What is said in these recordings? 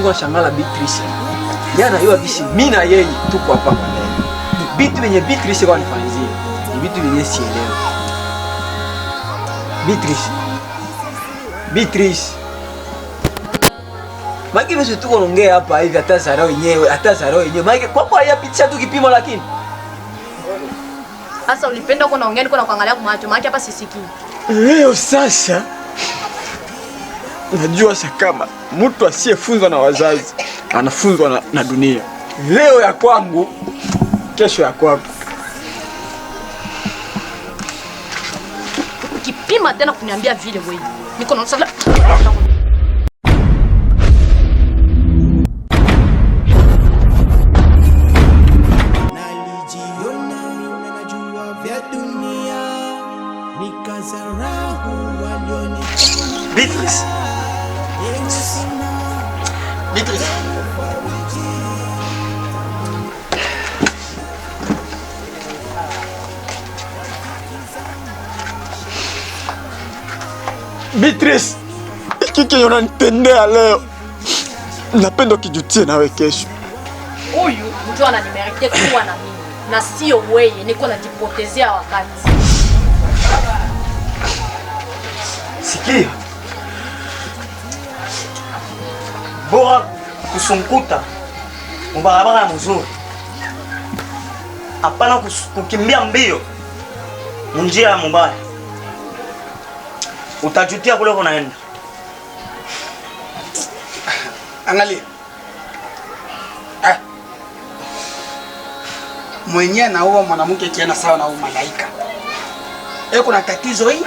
alikuwa shangala Beatrice. Yeye anajua bishi mimi na yeye tuko hapa kwa leo. Vitu vyenye Beatrice kwa nifanyia. Ni vitu vyenye sielewi. Beatrice. Beatrice. Maki vile tuko naongea hapa hivi hata Zara wenyewe, hata Zara wenyewe. Maki kwa kwa ya tu kipimo lakini. Sasa ulipenda uko naongea niko na kuangalia kwa macho. Maki hapa sisikii. Leo sasa Najua Sakama, mtu asiyefunzwa na wazazi anafunzwa na, na dunia. Leo ya kwangu, kesho ya kwako. Ukipima tena kuniambia vile wewe. Niko na sala. Beatrice. Beatrice. Beatrice, hiki kenye unanitendea leo napenda kijutie nawe kesho. Huyu mtu ananimereke kuwa na mimi na sio niko najipotezea wakati. Sikia. bora kusumkuta mubarabara mzuri hapana kukimbia mbio munjia ya mubaya. Utajutia kule kunaenda. Angalia ah, mwenye nauwa mwanamke tena sawa na malaika. E, kuna tatizo hii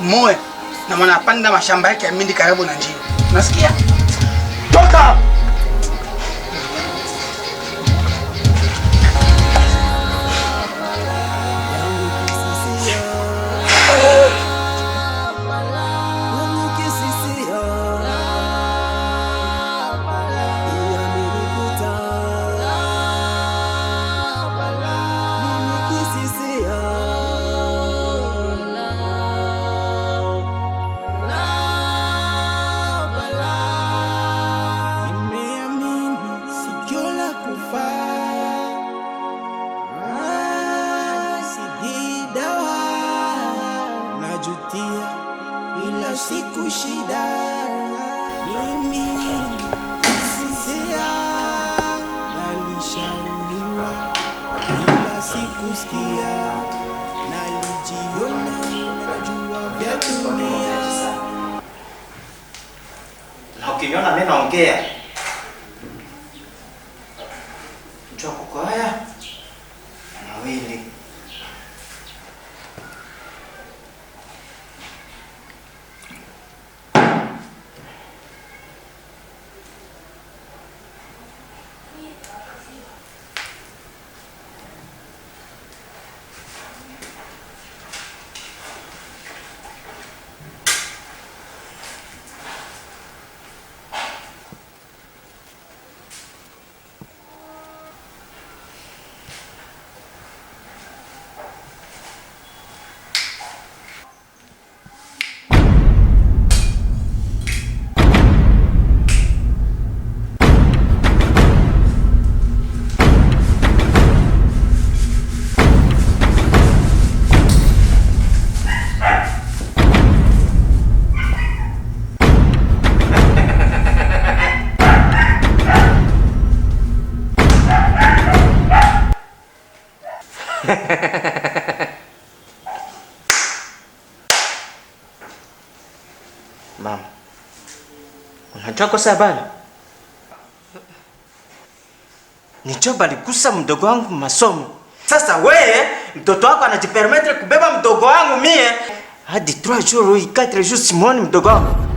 moya na mwanapanda mashamba yake ya mindi karibu na njia, unasikia? soltar! 바뀌면 안에 넘게 좋고 거야. 나왜 이렇게 Mama, unajua kosa bali nichoba likusa mdogo wangu masomo. Sasa wewe mtoto wako anajipermetre kubeba mdogo wangu mie hadi 3 jours, 4 jours simoni mdogo wangu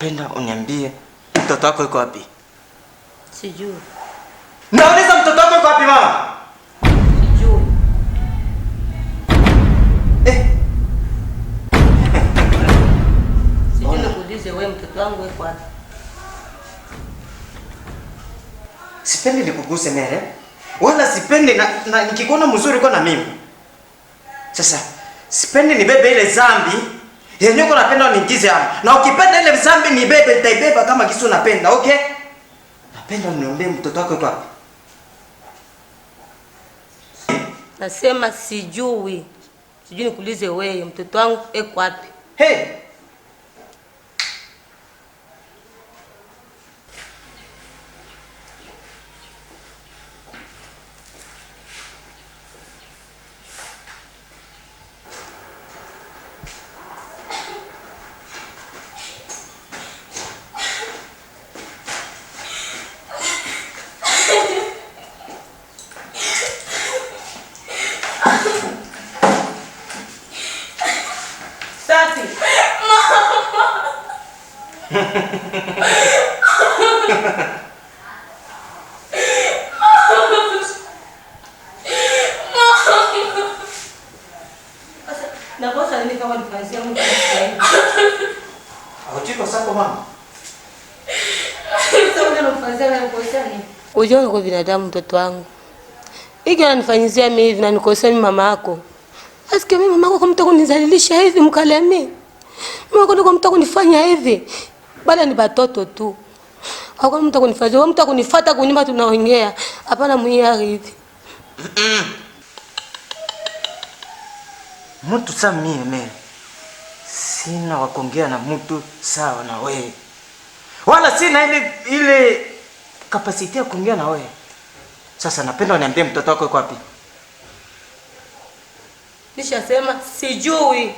Napenda uniambie mtoto wako yuko wapi? Sijui. Nauliza mtoto wako yuko wapi mama? Sijui. Eh. Sijui nikuulize wewe mtoto wangu yuko wapi? Sipendi nikuguse mere. Wala sipendi na, na nikikuona mzuri kwa na mimi. Sasa sipendi nibebe ile dhambi Yenye uko napenda uniingize hapo. Na ukipenda ile msambi nibebe nitaibeba kama kisu napenda, okay? Napenda uniombee mtoto wako hapa. Nasema sijui. Sijui nikuulize wewe mtoto wangu eko wapi? Hey, Ujua niko binadamu, mtoto wangu hiki ananifanyizia mimi hivi na nikosea mimi mama yako. Asikia mimi mama yako kama mtakao kunizalilisha hivi mkalemi. Mama yako ndio kunifanya hivi bana ni batoto tu. Hakuna mtu akunifanya, mtu akunifuata kunyumba tunaongea. Hapana mwiari hivi. Mtu saa mie mimi sina kuongea na mtu sawa na we. Wala sina ile ile kapasiti ya kuongea na wewe. Sasa napenda uniambie mtoto wako yuko wapi? Nishasema sijui.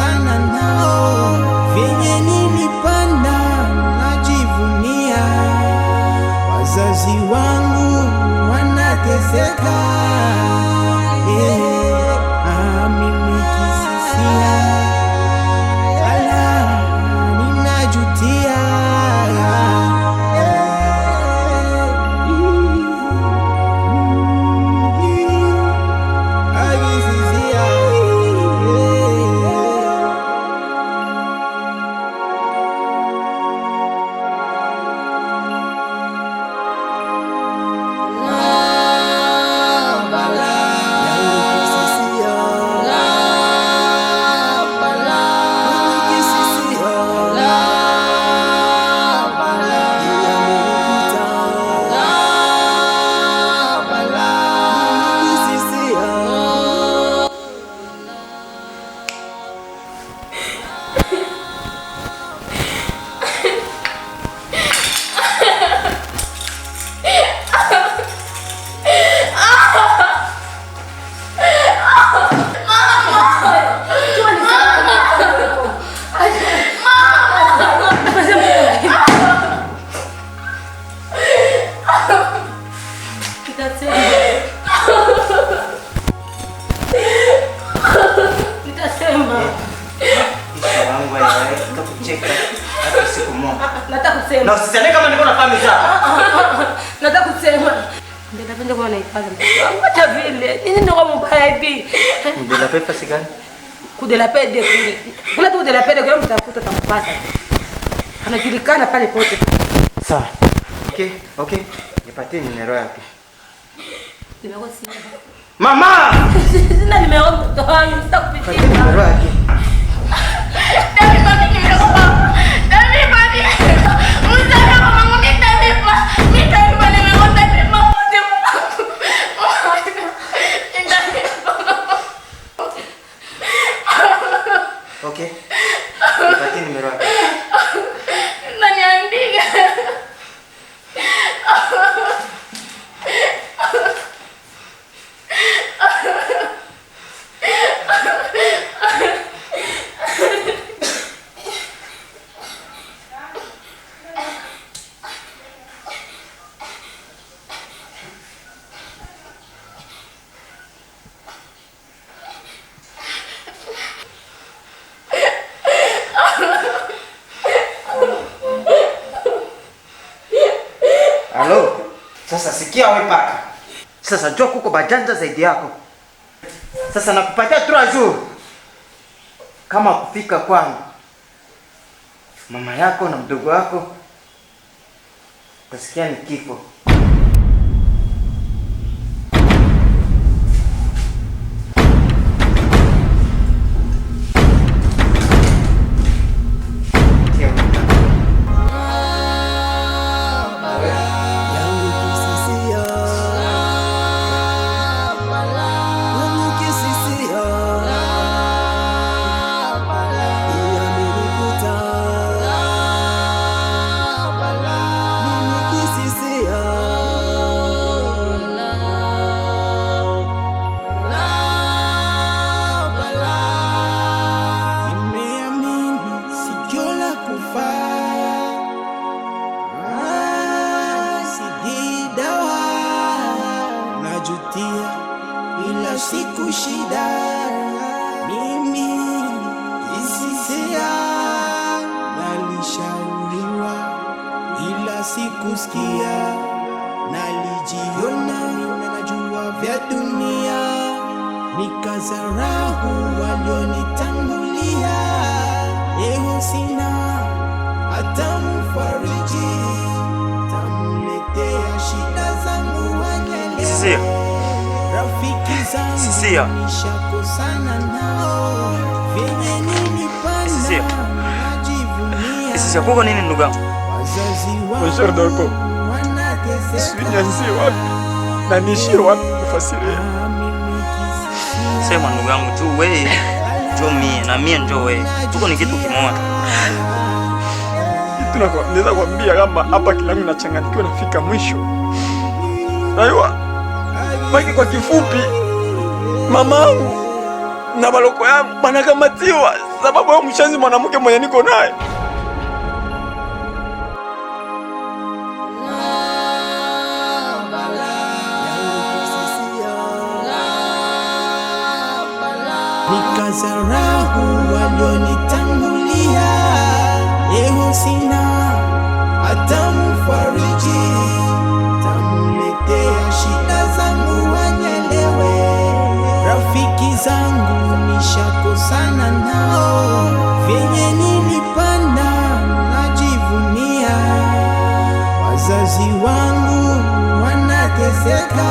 sana nao vyenye nilipanda najivunia, wazazi wangu wanateseka paix Unapewa pesa Coup de la paix, de Vous tu de la paix, de vous avez pede kwa mtafuta tampata. Anajulikana pale pote. Sawa. Okay, okay. Nipatie neno un Nimekosa de Mama! Sina nimeomba toa, sitakupitia. Nipatie neno yako. Dami mami. Dami mami. Mzara mama. Bupati nomor berapa? Nanya Andi kan? Halo? Sasa sikia wewe paka. Sasa njoo kuko bajanja zaidi yako. Sasa nakupatia trois jours. Kama kufika kwangu. Mama yako na mdogo wako utasikia ni kifo. nikazarau walionitangulia. Leo sina hata mfariji, tamletea shida zangu anyelewe. Rafiki zangu nishakosana nao, vyenye nilipanda najivunia. Kuko nini ndugu yangu? wazazi wangu wanateseka, na niishie wapi kufasiria kusema ndugu yangu, tu wewe ndio mie na mie ndio wewe, tuko ni kitu kimoja. Naweza kuambia kama hapa kilangu nachanganyikiwa, nafika mwisho. Najua baki kwa kifupi, mamangu na maloko yangu banakamatiwa sababu mshanzi mwanamke mwenye niko naye madharau walionitangulia, leo sina hata mfariji, tamletea shida zangu wanyelewe. Rafiki zangu nishakosana nao, vyenye nilipanda najivunia, wazazi wangu wanateseka